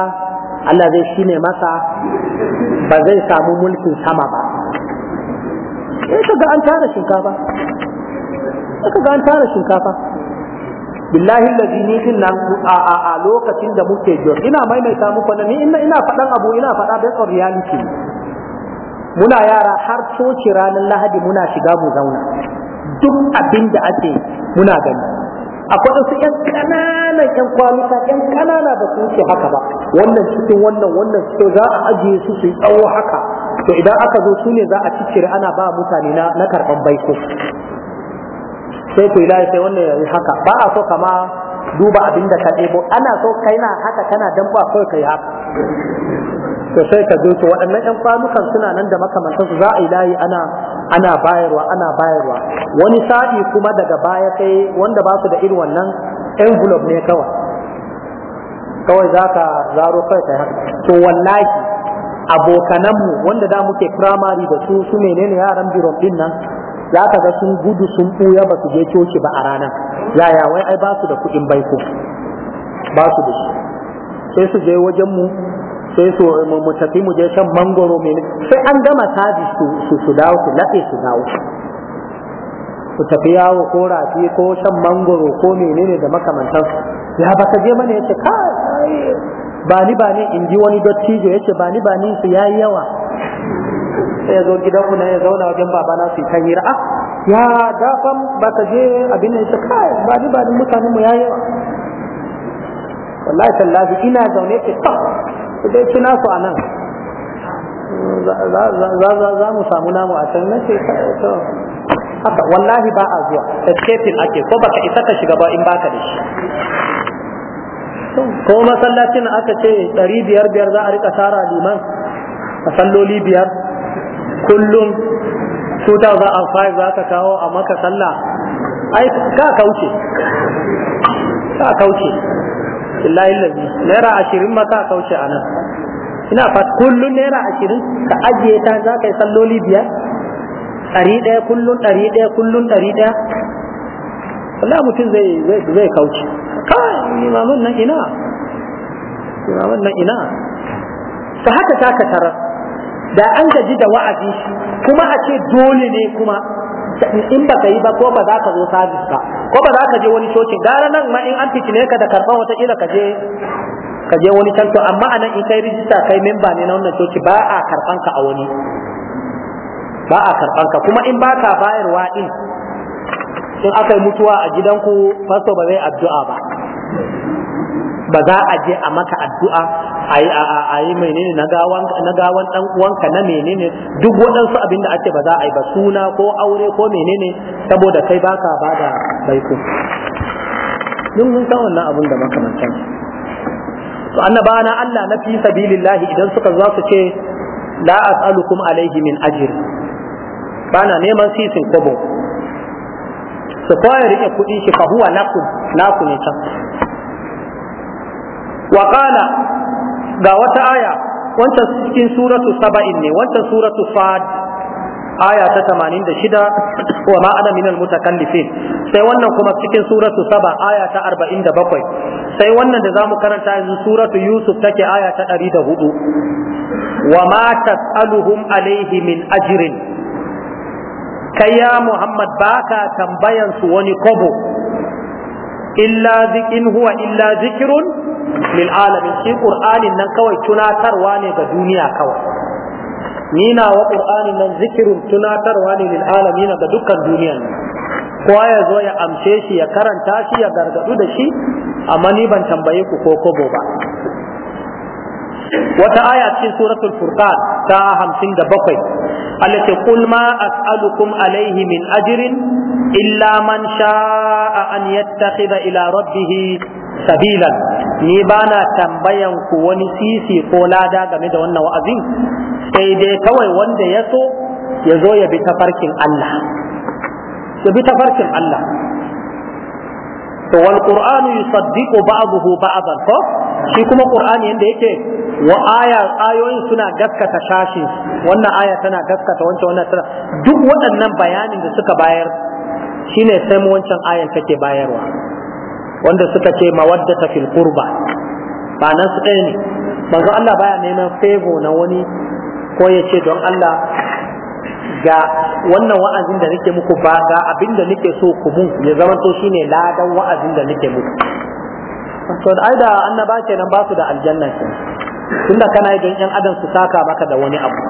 [SPEAKER 1] Allah zai shine masa ba zai samu mulkin sama ba sai ka ga an tara shinkafa sai ka ga an tara shinkafa billahi allazi ni kin nan a a a lokacin da muke jor ina maimaita muku na ina ina faɗan abu ina faɗa based on reality muna yara har coci ranar lahadi muna shiga mu zauna duk abin da ake muna gani akwai wasu 'yan ƙananan 'yan kwanuka 'yan ƙanana ba su haka ba wannan cikin wannan wannan cikin za a ajiye su su yi tsawo haka to idan aka zo su ne za a ciccire ana ba mutane na karɓan baiko sai ku yi sai wannan yayi haka ba a so kama duba abin da ka ɗebo ana so kai na haka kana dan ba so kai haka to sai ka zo to waɗannan ƴan kwanukan suna nan da makamantan su za a yi layi ana ana bayarwa ana bayarwa wani sa'i kuma daga baya sai wanda ba su da irin wannan envelope ne kawai kawai za ka zaro kawai kai haka to wallahi abokananmu wanda da muke primary da su su menene yaran biron din nan za ka ga sun gudu sun ɓuya ba su je coci ba a rana yaya wai ai ba su da kuɗin baiko ba su da shi sai su je wajen mu sai su mu tafi mu je shan mangoro mai sai an gama taji su su dawo su laɓe su dawo su tafi yawo ko rafi ko shan mangoro ko menene da makamantan ya ba ka je mana ce kai ba ni ba ni in ji wani dattijo ce ba ni ba ni su yayi yawa sai ya zo gidanku na ya zauna wajen babana su kan hira ah, ya dafan ba ka je abin nan sai kai ba ni ba ni mutanen mu yayi wallahi tallahi ina zaune ke ta dai kina a anan za mu samu namu a can nace to haka wallahi ba a zuwa escaping ake ko baka isa ka shiga ba in baka da shi ko masallacin aka ce ɗari biyar biyar za a rika tara liman a salloli biyar kullum 2005 za ka kawo a maka sallah ai ka kauce ka kauce illahi lalli naira ashirin ma ka kauce a nan ina fat kullum naira ashirin ka ajiye ta za ka yi salloli biyar ɗari ɗaya kullum ɗari ɗaya kullum ɗari ɗaya wala mutum zai zai kauce kai imamun nan ina imamun nan ina ta haka ta ka tarar da an gaji da wa'azi shi kuma a ce dole ne kuma in ba ka yi ba ko ba za ka zo sabis ba ko ba za ka je wani coci? gara nan ma in an fitine ka da karɓar wataƙila ka je ka je wani canto amma a nan in kai rijista kai memba ne na wannan coci ba a karɓan ka a wani ba a karɓan ka kuma in ba ka bayarwa din in aka yi mutuwa a gidanku fasto ba zai addu'a ba ba za a je a maka addu'a a yi menene na gawan dan uwanka na menene duk waɗansu abin da ake ba za a yi ba suna ko aure ko menene saboda kai baka bada baiko duk mun san wannan abun da makamantan to annaba na Allah na fi sabilillahi idan suka za su ce la as'alukum alaihi min ajr bana neman sisin kobo su koya rike kuɗi shi fa huwa lakum naku ne Waƙala ga wata aya wancan cikin suratu saba'in ne wancan suratu fad aya ta tamanin da shida. wa ma ana minal mutakallifin sai wannan kuma cikin suratu saba aya ta arba'in da bakwai. sai wannan da za mu karanta yanzu suratu yusuf take aya ta ɗari da hudu. wa ma tas'aluhum alaihi min ajirin. kai ya muhammad baka tambayan su wani kobo illa in huwa illa zikirun lil alamin shi qur'anin nan kawai tunatarwa ne ga duniya kawai ni na wa qur'anin nan zikirun tunatarwa ne lil alamin ga dukkan duniyan kowa ya zo ya amshe shi ya karanta shi ya gargadu da shi amma ni ban tambaye ku ko kobo ba wata aya cikin suratul furqan ta 57 allati qul ma as'alukum alayhi min ajrin illa man sha'a an yattakhidha ila rabbih sabilan ni bana tambayan ku wani sisi ko lada game da wannan wa'azin sai dai kawai wanda ya so ya zo ya bi tafarkin Allah ya bi tafarkin Allah to wal qur'anu yusaddiqu ba'dahu ba'dan ko shi kuma qur'ani yanda yake wa aya ayoyin suna gaskata shashi wannan aya tana gaskata wancan wannan tana duk waɗannan bayanin da suka bayar shine sai mu wancan ayan take bayarwa wanda suka ce mawaddata fil qurba ba nan su ɗaya ne manzo Allah baya neman favor na wani ko ya ce don Allah ga wannan wa'azin da nake muku ba ga abin da nake so ku mun ya zama to shine ladan wa'azin da nake muku to da aida annaba kenan ba su da aljanna kenan tunda kana yi don yan adam su saka maka da wani abu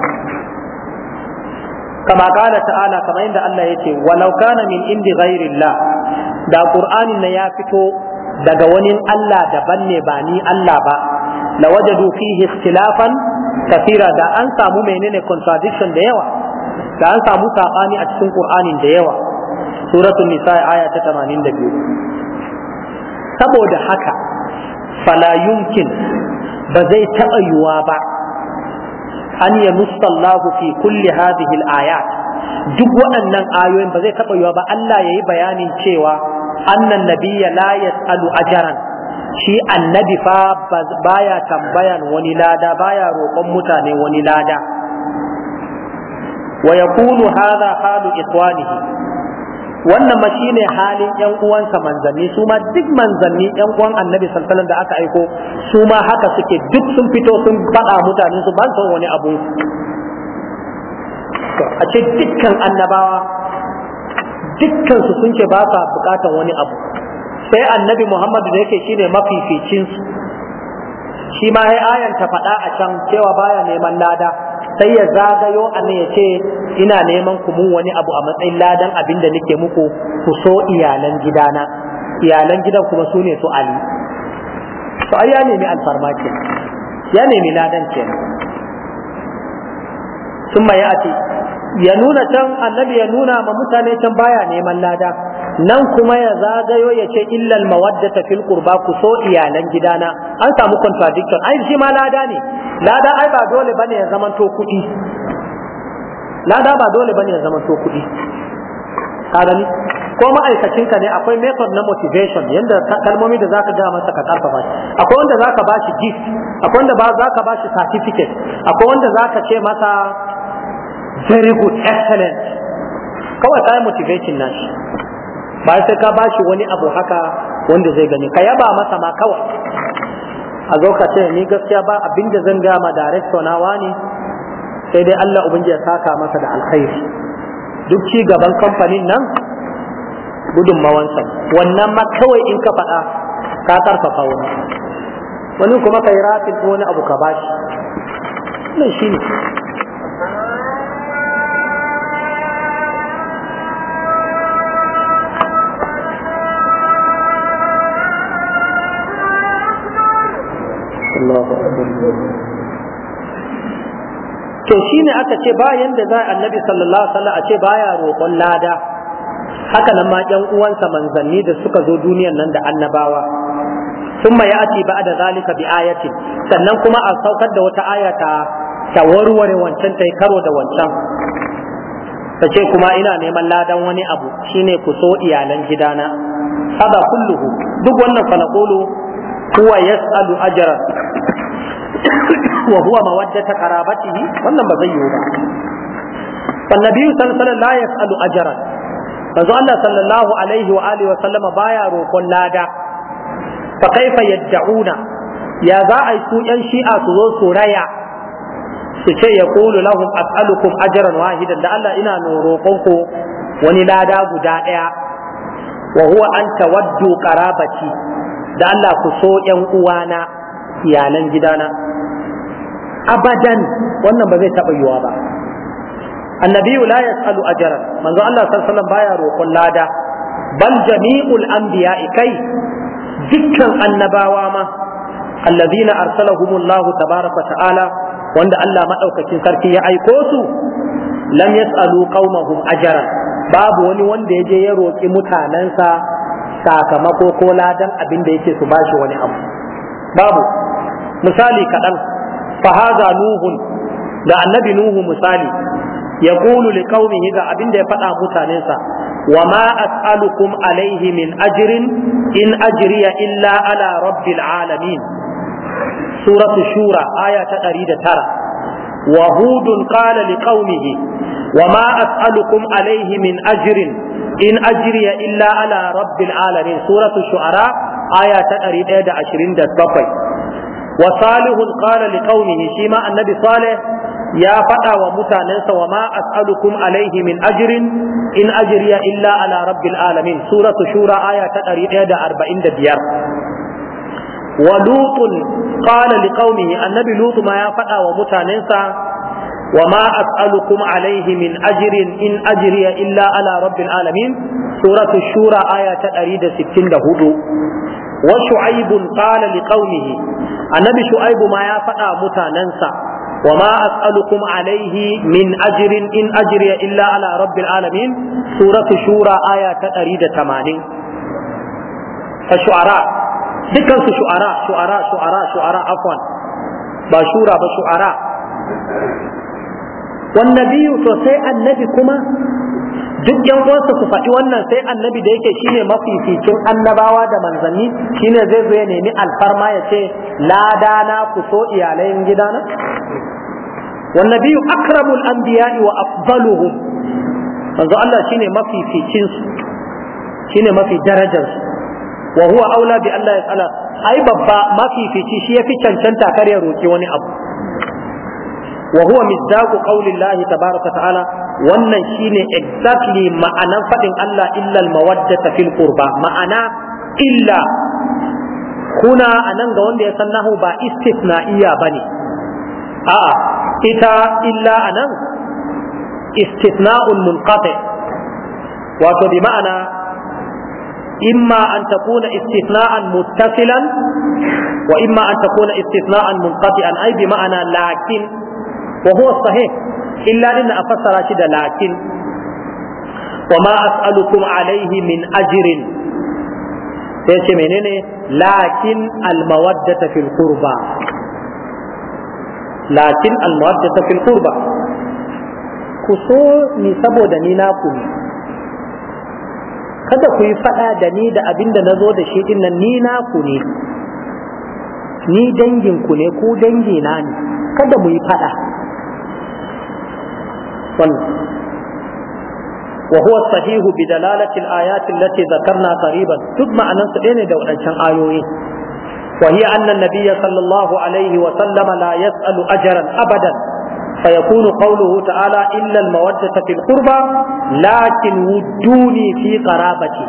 [SPEAKER 1] kama kala ta'ala kama inda Allah ya ce walau kana min indi ghairillah da qur'anin na ya fito daga wani Allah daban ne ba ni Allah ba la wajadu fihi ikhtilafan kafira da an samu menene contradiction da yawa da an samu saɓani a cikin qur'anin da yawa suratul nisa aya ta 82 saboda haka fala ba zai taɓa yiwuwa ba an yamussa Allahu fi kulli hadhihi al-ayat duk waɗannan ayoyin ba zai taɓa yiwa ba Allah ya yi bayanin cewa annan nabiyya la yas'alu ajaran shi annabi fa baya tambayan wani lada baya roƙon mutane wani lada wa yaqulu hadha halu ikhwanihi wannan ma shine halin yan uwansa manzanni su ma duk manzanni yan uwan annabi sallallahu da aka aiko su ma haka suke duk sun fito sun faɗa mutane su ban son wani abu a ce dukkan annabawa dukkan su sun ce ba sa bukatan wani abu sai annabi muhammadu da yake shine mafificin su shi ma ya ayan faɗa a can cewa baya neman lada sai ya zagayo a ya ce ina neman ku mun wani abu a matsayin ladan abin da nake muku ku so iyalan gidana iyalan gidan kuma su ne su ali to ai ya nemi alfarma ce, ya nemi ladan ce sun ya ce. ya nuna can annabi ya nuna ma mutane can baya neman lada nan kuma ya zagayo ya ce illal mawaddata fil qurba ku so iyalan gidana an samu contradiction ai shi ma lada ne lada ai ba dole bane ya zama to kuɗi lada ba dole bane ya zama to kuɗi kadani ko ma'aikacin ka ne akwai method na motivation yanda kalmomi da zaka ga masa ka karfafa shi akwai wanda zaka bashi gift akwai wanda ba zaka bashi certificate akwai wanda zaka ce masa very good excellent kawai kai motivation nashi ba sai ka ba shi wani abu haka wanda zai gani ka yaba masa ma kawai a zo ka ce ni gaskiya ba abin da zan gama director nawa ne sai dai Allah ubangiji ya saka masa da alkhairi duk ci gaban kamfanin nan gudun mawansa wannan ma kawai in ka faɗa ka karfafa wani wani kuma kai rafin wani abu ka bashi shi ne to ne aka ce bayan da za annabi sallallahu alaihi a ce baya roƙon lada haka nan ma 'yan uwansa manzanni da suka zo duniyar nan da annabawa sun ya ati ba da zalika bi ayatin sannan kuma a saukar da wata aya ta warware wancan ta yi karo da wancan ta ce kuma ina neman ladan wani abu shine ku so iyalan gidana haba kulluhu duk wannan fa huwa yas'alu ajran wa huwa mawaddata qarabatihi wannan ba zai yi ba annabi sallallahu alaihi wasallam la yas'alu ajran manzo Allah sallallahu alaihi wa alihi wa sallama baya roƙon lada fa kaifa yad'una ya za a yi su yan shi'a su zo su raya su ce ya qulu lahum as'alukum ajran wahidan da Allah ina roƙon ku wani lada guda daya wa huwa an tawaddu qarabati da Allah ku so ‘yan uwana iyalan gida na. abadan wannan ba zai taɓa yiwa ba annabiyu la yas'alu ajran manzo Allah sallallahu alaihi wasallam baya roƙon lada bal jami'ul anbiya'i kai dukkan annabawa ma allazina arsalahumullahu tabaraka ta'ala wanda Allah madaukakin sarki ya aiko su lam yas'alu qaumahum ajran babu wani wanda ya je ya roƙi mutanensa sakamako ko ladan abin da yake su bashi wani abu babu misali kaɗan fahaza nuhun da annabi nuhu misali ya kulu li ga abin da ya faɗa mutanensa wa ma as'alukum alaihi min ajirin in ajriya illa ala rabbil alamin suratu shura aya ta ɗari da tara. 109 وهود قال لقومه وما أسألكم alaihi min ajirin? in ajriya illa ala rabbil alamin suratu shu'ara aya ta 127 wa salihun qala liqaumihi shi ma annabi salih ya faɗa wa mutanensa wa ma as'alukum alaihi min ajrin in ajriya illa ala rabbil alamin suratu shura aya ta 145 wa lutun qala liqaumihi annabi lutu ma ya faɗa wa mutanensa وما أسألكم عليه من أجر إن أجري إلا على رب العالمين سورة الشورى آية أريد ستين هدو وشعيب قال لقومه النبي شعيب ما يفقى متننسى وما أسألكم عليه من أجر إن أجري إلا على رب العالمين سورة الشورى آية أريد ثمانين فالشعراء dukansu shu'ara shu'ara shu'ara shu'ara afwan ba shura ba shu'ara wannabiyu to sai annabi kuma duk yan uwansa su faɗi wannan sai annabi da yake shine mafificin annabawa da manzanni shine zai zo ya nemi alfarma ya ce ladana ku so iyalayen gida na? gidana wannabiyu akramul anbiya'i wa afdaluhum manzo Allah shine mafificin su shine mafi darajar su wa huwa aula bi Allah ya tsala ai babba mafifici shi yafi cancanta kar ya roki wani abu wa huwa misdaqu qaulillahi tabaraka ta'ala wannan shine exactly ma'anan fadin Allah illa al-mawaddata fil qurba ma'ana illa kuna anan ga wanda ya san nahu ba istisna'iya bane a'a ita illa anan istisna'un munqati wato bi ma'ana imma an takuna istisna'an muttasilan wa imma an takuna istisna'an munqati'an ai bi ma'ana lakin wa huwa sahih illa din a fassara shi da lakin wa ma as'alukum alaihi min ajrin sai ce menene lakin almawaddata fil qurba lakin saboda ni ne kada ku yi faɗa da ni da abin da na zo da shi ɗin nan ni naku ne ni danginku ne ko dangi na ne kada mu yi faɗa wannan وهو الصحيح بدلالة الآيات التي ذكرنا قريبا ثم أن نسألين دولة آيوي وهي أن النبي صلى الله عليه وسلم لا يسأل أجرا أبدا فيكون قوله تعالى إلا المودة في القربى لكن ودوني في قرابتي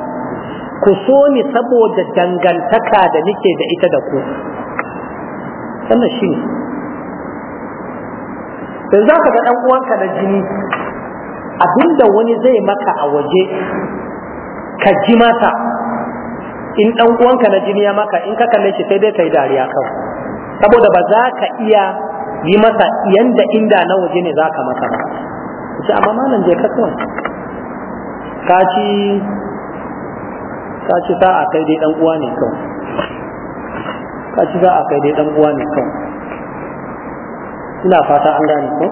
[SPEAKER 1] كسوني سبو دنجل تكاد نكي دعيت دكو سنة شيء sai za ka ga ɗan uwanka na jini abinda wani zai maka a waje ka ji mata in ɗan uwanka na jini ya maka in ka kalle shi sai dai ka yi dariya kawai saboda ba za ka iya
[SPEAKER 2] yi masa yanda
[SPEAKER 1] inda na waje ne za ka maka ba ce amma malam je ka kawai ka ci ka ci sa'a kai dai ɗan uwa ne kawai ka ci sa'a kai dai ɗan uwa ne kawai ina fata an gane ko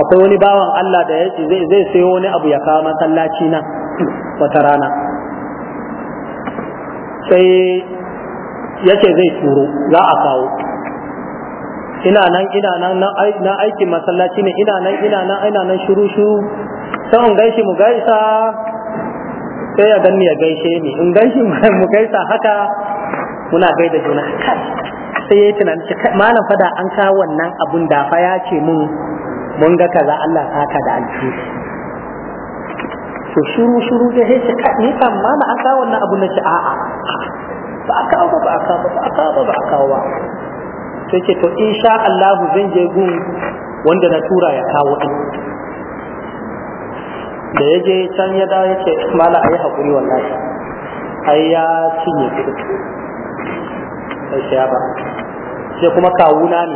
[SPEAKER 1] akwai wani bawan Allah da zai zai sayo wani abu ya kawo masallaci na wata rana sai ce zai turo za a kawo ina nan ina nan na aikin masallaci ne ina nan ina nan ina nan shuru shuru sai in gaishe mu gaisa sai ya ganni ya gaishe ni in gaishe mu gaisa haka muna gaida juna kai sai ya yi tunanin malam fada an kawo wannan abun da fa ya ce mun mun ga kaza Allah saka da alheri to shuru shuru da sai ce kai ni kan mama an kawo wannan abun nace a a ba a kawo ba a kawo ba a kawo ba a kawo ba sai ce to insha Allah zan je gun wanda na tura ya kawo din da ya je can ya dawo ya ce mala ayi hakuri wallahi ai ya cinye kuɗi sai ya ba sai kuma kawuna ne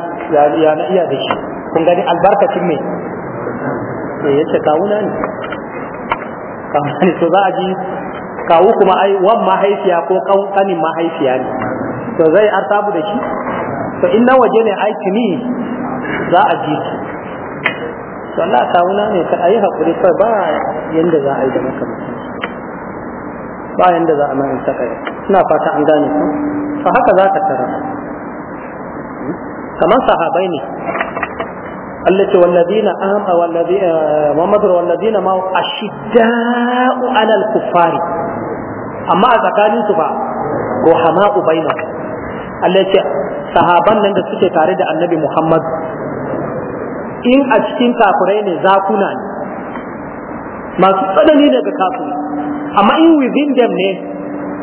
[SPEAKER 1] ya na iya da shi kun gani albarkacin me eh yace kawuna ne kawuna ne to za a ji kawu kuma ai wan mahaifiya ko kankanin mahaifiya ne to zai artabu da shi to in na waje ne ai tuni za a ji to Allah kawuna ne ka ayi hakuri kai ba yanda za a yi da maka ba yanda za a mai saka ina fata an gane ku to haka za ka tara kamar sahabai ne Allah ce wallazina amma wallazina eh, Muhammadu wallazina ma ashidda'u alal kuffari amma a tsakanin su fa ruhama'u bainahum Allah ce sahaban nan da suke tare da Annabi Muhammad in a cikin ne ne masu tsanani amma in within them ne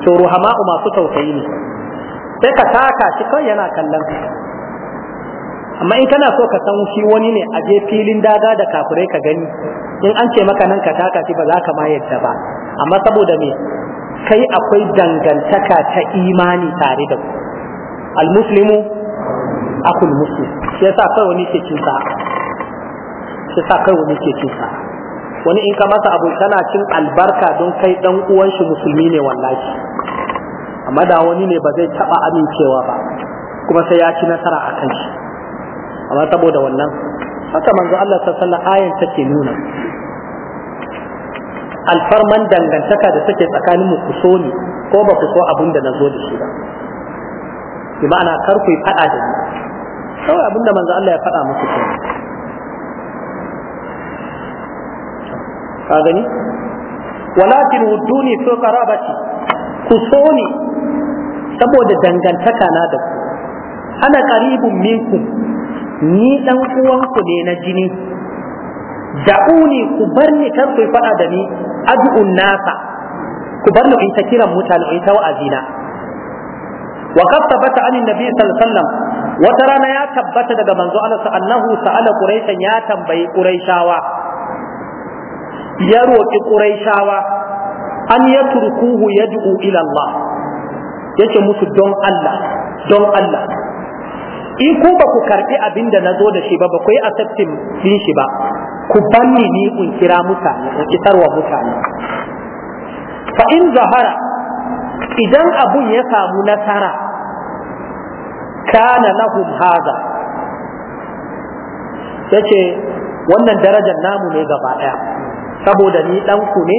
[SPEAKER 1] to ruhama'u masu tausayi ne sai ka taka shi kawai yana kallon amma in kana so ka san shi wani ne a je filin daga da kafurai ka gani in an ce maka nan ka taka shi ba za ka ma yadda ba amma saboda me kai akwai dangantaka ta imani tare da ku almuslimu akul muslim shi yasa kai wani ke cin sa shi yasa kai wani ke cin sa wani in ka masa abu kana cin albarka don kai dan uwan shi musulmi ne wallahi amma da wani ne ba zai taɓa amincewa ba kuma sai ya ci nasara a kan shi amma saboda wannan haka manzo Allah sallallahu ayan take nuna alfarman dangantaka da take tsakanin mu ku so ni ko ba ku so abin da na zo da shi ba bi ma'ana kar ku yi faɗa da ni kawai abin da manzo Allah ya faɗa muku kenan ka gani walakin wudduni so qarabati ku so ni saboda dangantaka na da ku ana qaribun minkum ni dan uwanku ne na jini da'uni ku bar ni kar ku fada da ni ad'un nasa ku bar ni in ta kiran mutane in ta wa'azina wa qad tabbata an nabi sallallahu alaihi wasallam wata rana ya tabbata daga manzo Allah annahu sa'ala quraishan ya tambayi quraishawa ya roki quraishawa an yatrukuhu yad'u ila Allah yake musu don Allah don Allah in ku ba ku karbi abin da na zo da shi ba ba ku yi accepting din shi ba ku banni ni in kira mutane in kitarwa mutane fa in zahara idan abun ya samu nasara kana lahum haza yace wannan darajar namu ne gaba daya saboda ni dan ku ne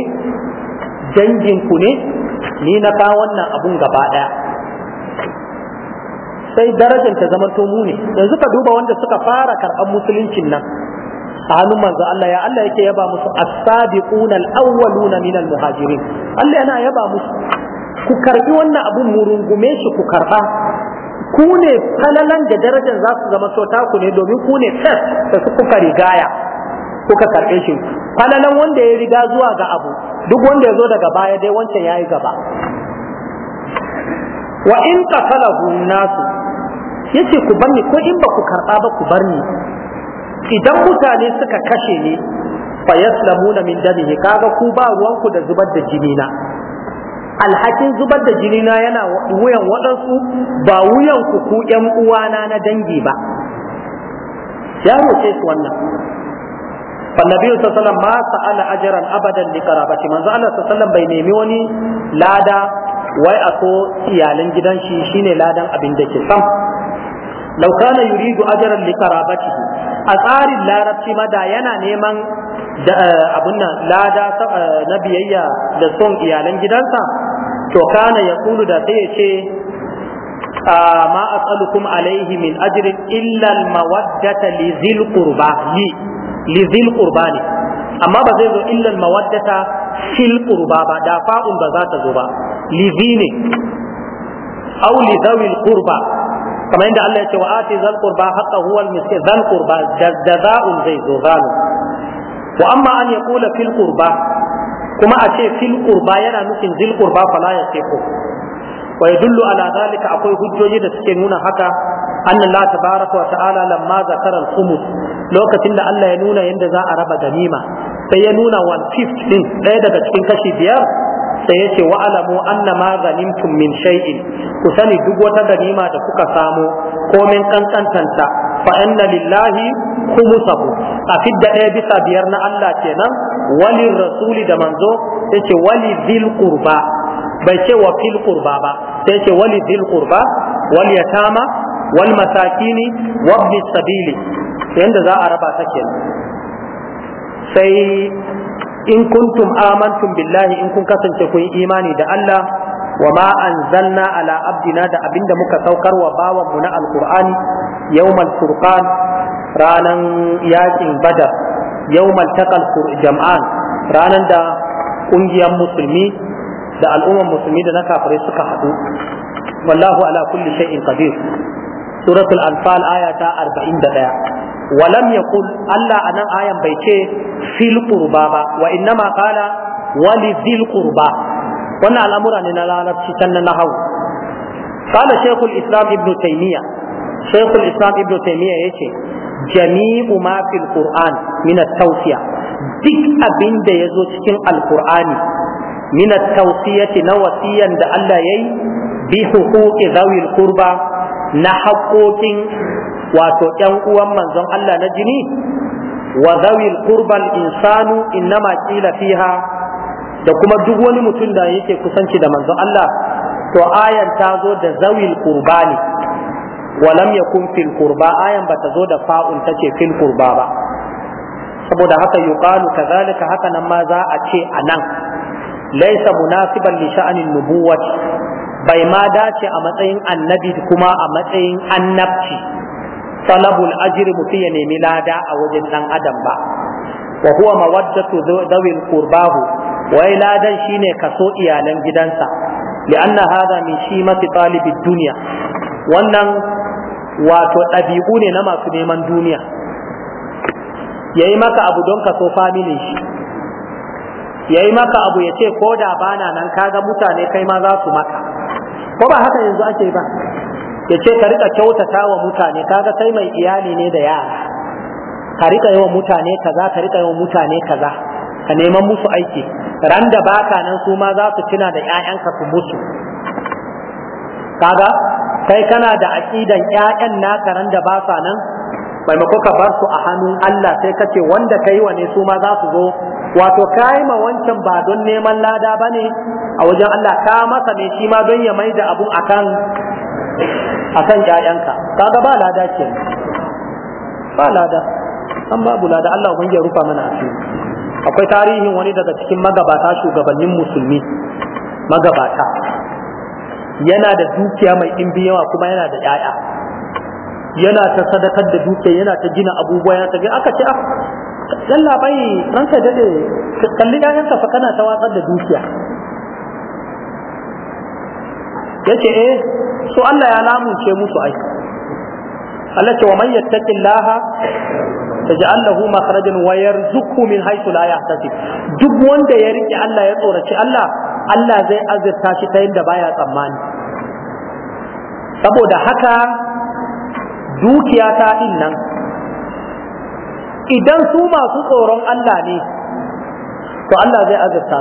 [SPEAKER 1] dangin ku ne ni na ka wannan abun gaba ɗaya sai darajar ta zama to mu ne yanzu ka duba wanda suka fara karɓar musuluncin nan a hannun manzo Allah ya Allah yake yaba musu as-sabiquna al-awwaluna min al-muhajirin Allah yana yaba musu ku karbi wannan abun mu rungume shi ku karba ku ne falalan da darajar za su zama sota ku ne domin ku ne fes da kuka rigaya kuka karbe shi falalan wanda ya riga zuwa ga abu duk wanda ya zo daga baya dai wancan ya yi gaba wa in ka qatalahu nasu ce ku bar ni ko in ba ku karɓa ba ku bar ni idan mutane suka kashe ni fa na min damihi kaga ku ba ruwanku da zubar da jini alhakin zubar da jini yana wuyan waɗansu ba wuyan ku ku ƴan uwana na dangi ba ya roƙe su wannan فالنبي صلى الله عليه وسلم ما سأل أجرا أبدا لقرابته من زعل صلى الله عليه وسلم بين ميوني لادا ويأكو سيالن جدا شيشين لادا أبن دكي سم لو كان يريد أجرا لقرابته أثار اللارب مدى ينا نيمان abun nan lada na biyayya da son iyalan gidansa to kana ya kulu da sai ya ce ma as'alukum alaihi min ajrin illa al mawaddata li zil qurba li lizil qurbani amma ba zai zo illal mawaddata fil qurba ba da fa'un ba za ta zo ba lizini aw li zawil qurba kamar yadda Allah ya ce wa ati zal qurba haqqahu wal miskin zal qurba jazza'un zai zo zalu wa amma an yaqula fil qurba kuma a ce fil qurba yana nufin zil qurba fala yasifu wa yadullu ala zalika akwai hujjoji da suke nuna haka anna Allah tabaraka wa ta'ala lamma lokacin da Allah ya nuna yadda za a raba ganima sai ya nuna one fifth din ɗaya daga cikin kashi biyar sai ya ce wa'alamu anna ma ganimtum min shay'in ku sani duk wata ganima da kuka samu komin kankantanta fa anna lillahi khumsahu a fidda ɗaya bisa biyar na Allah kenan walin rasuli da manzo yace wali dhil bai ce wa fil ba sai ce wali kurba qurba wal yatama wani masakini wa sabili yanda za a raba ta kenan sai in kuntum amantum billahi in kun kasance kun imani da Allah wa ma anzalna ala abdina da abinda muka saukar wa bawan mu na alqur'ani yawmal furqan ranan yakin badar yawmal taqal jam'an ranan da ƙungiyar musulmi da al'ummar musulmi da na kafirai suka haɗu wallahu ala kulli shay'in qadir suratul anfal aya ta 41 walam yaqul Allah anan ayan bai ce fil qurba ba wa innama qala walidhil qurba wannan al'amura ne na larabci can na hau qala shaykhul islam ibn taymiya shaykhul islam ibn taymiya yace jami'u ma fil qur'an min at-tawsiya duk abin da yazo cikin al alqur'ani min at na wasiyan da Allah yayi bi huquqi zawil qurba na haƙoƙin wato ƴan uwan manzon Allah na jini wa zawil qurba al-insanu innama qila fiha da kuma duk wani mutum da yake kusanci da manzon Allah to ayan ta zo da zawil qurbani walam yakun fil qurba ayan bata zo da fa'un tace fil qurba ba saboda haka yuqalu kazalika haka nan ma za a ce a nan. laisa munasiban li sha'anin nubuwati bai ma dace a matsayin annabi kuma a matsayin annabci talabul ajri mutum ya nemi lada a wajen dan adam ba wa huwa mawaddatu dawil qurbahu wai ladan shine kaso iyalan gidansa anna hadha min shimati talibid dunya wannan wato ɗabi'u ne na masu neman duniya yayi maka abu don ka so family shi yayi maka abu ya ce ko da bana nan kaga mutane kai ma za su maka ko ba haka yanzu ake ba ya ce ka rika kyautata wa mutane kaga kai mai iyali ne da yara ka rika yawan mutane kaza ka rika yawan mutane kaza ka neman musu aiki ran da baka nan su ma za su tuna da ƴaƴanka su mutu kaga kai kana da aqidan ƴaƴan naka ran da ba sa nan maimako ka bar su a hannun Allah sai kace wanda kai ne su ma za su zo wato kayi ma wancan ba don neman lada ba ne a wajen Allah ka masa ne shi ma don ya mai da abun akan akan ƴaƴanka kaga ba lada ke ba lada an babu lada Allah ubangiji ya rufa mana asiri akwai tarihin wani daga cikin magabata shugabannin musulmi magabata yana da dukiya mai ɗimbi yawa kuma yana da ƴaƴa yana ta sadakar da dukiya yana ta gina abubuwa yana ta aka ce ah, yalla bai ranka dade kalli ƴaƴanka fa kana ta watsar da dukiya yace eh so Allah ya lamunce musu ai Allah ce wa man yattaqillaha taj'al lahu makhrajan wa yarzuqhu min haythu la yahtasib duk wanda ya rike Allah ya tsoraci Allah Allah zai azurta shi ta yadda baya tsammani saboda haka dukiya ta din idan su masu tsoron Allah ne to Allah zai azurta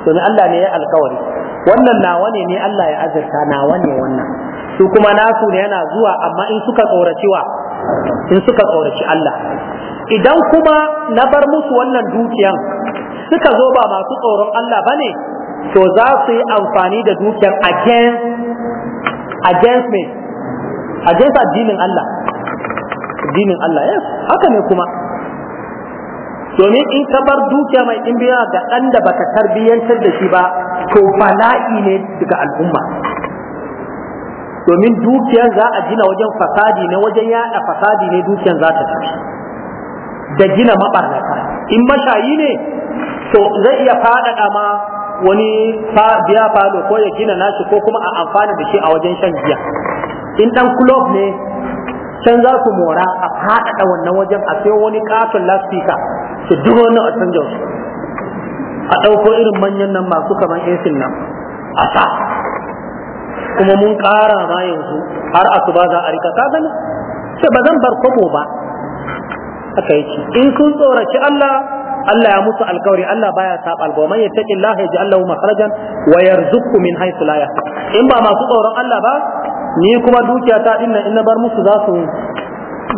[SPEAKER 1] su to ne Allah ne ya alkawari wannan nawa ne ne Allah ya azurta nawa ne wannan su kuma nasu ne yana zuwa amma in suka tsoraci wa in suka tsoraci Allah idan kuma na bar musu wannan dukiyan suka zo ba masu tsoron Allah bane to za su yi amfani da dukiyan against against me against addinin Allah addinin Allah ya eh, haka ne kuma domin in ka bar dukiya mai indiya ga ɗan da baka tarbiyyantar da shi ba to bala'i ne daga al'umma domin dukiya za a gina wajen fasadi ne wajen yaɗa fasadi ne dukiyar za ta tafi da gina maɓarnata in mashayi ne to zai iya faɗaɗa ma wani biya falo ko ya gina nashi ko kuma a amfana da shi a wajen shan giya in ɗan kulob ne can za ku mora a faɗaɗa wannan wajen a sai wani katon lafika su duro na a canja su a ɗauko irin manyan nan masu kamar esin nan a sa kuma mun ƙara ma yanzu har asuba za a rika ka gani ce ba zan bar kwabo ba aka yi in kun tsoraci Allah Allah ya musu alkawari Allah baya saba alkawari ya yattaqi Allah yaj'al lahu makhrajan wa yarzuqhu min haythu la yahtasib in ba masu tsoron Allah ba ni kuma dukiya ta din nan in na bar musu za su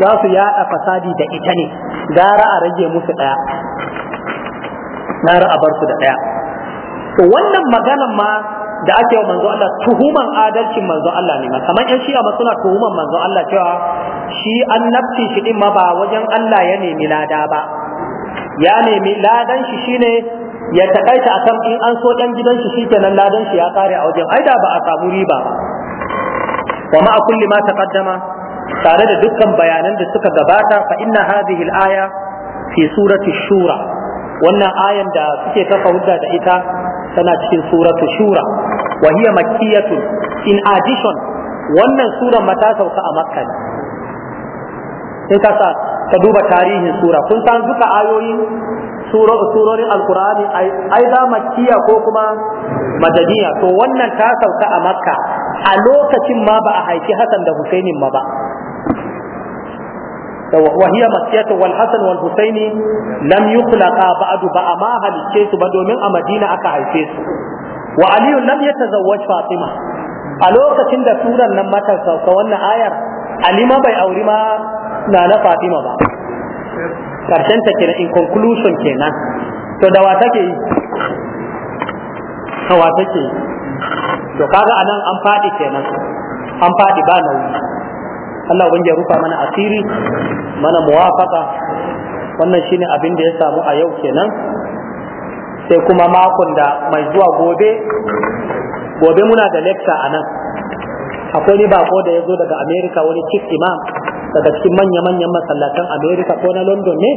[SPEAKER 1] za su fasadi da ita ne gara a rage musu daya gara a bar su da daya to wannan maganan ma da ake wa manzo Allah tuhuman adalcin manzo Allah ne ma kamar yan shi'a ma suna tuhuman manzo Allah cewa shi annabci shi din ma ba wajen Allah ya nemi lada ba ya nemi ladan shi shine ya takaita akan in an so dan gidan shi shikenan ladan shi ya kare a wajen ai da ba a samu riba ba wa ma'a kulli ma taqaddama tare da dukkan bayanan da suka gabata fa inna hadhihi al-aya fi suratu shura wannan ayan da suke kafa hujja da ita tana cikin suratu shura wa hiya in addition wannan suran mata sauka a makka ne ka duba tarihin sura kun san duka ayoyin surorin alkur'ani ai za makiya ko kuma madaniya to wannan ta sauka a makka a lokacin ma ba a haifi hasan da husainin ma ba وهي مكية والحسن والحسين لم يخلقا بعد بأما هل بدو من أمدينة أكا عيشيس وعلي لم يتزوج فاطمة ألوكا تند سورة لما تسوك وانا آير علي ما بي أوري ما na na fatima ba karshen ta kenan in conclusion kenan to da wa take yi take yi to kaga anan an faɗi kenan an faɗi ba nauyi Allah ubangi ya rufa mana asiri mana muwafaka wannan shine abin da ya samu a yau kenan sai kuma makon da mai zuwa gobe gobe muna da lecture anan. akwai ni bako da ya zo daga america wani chief imam daga cikin manya-manyan masallatan america ko na london ne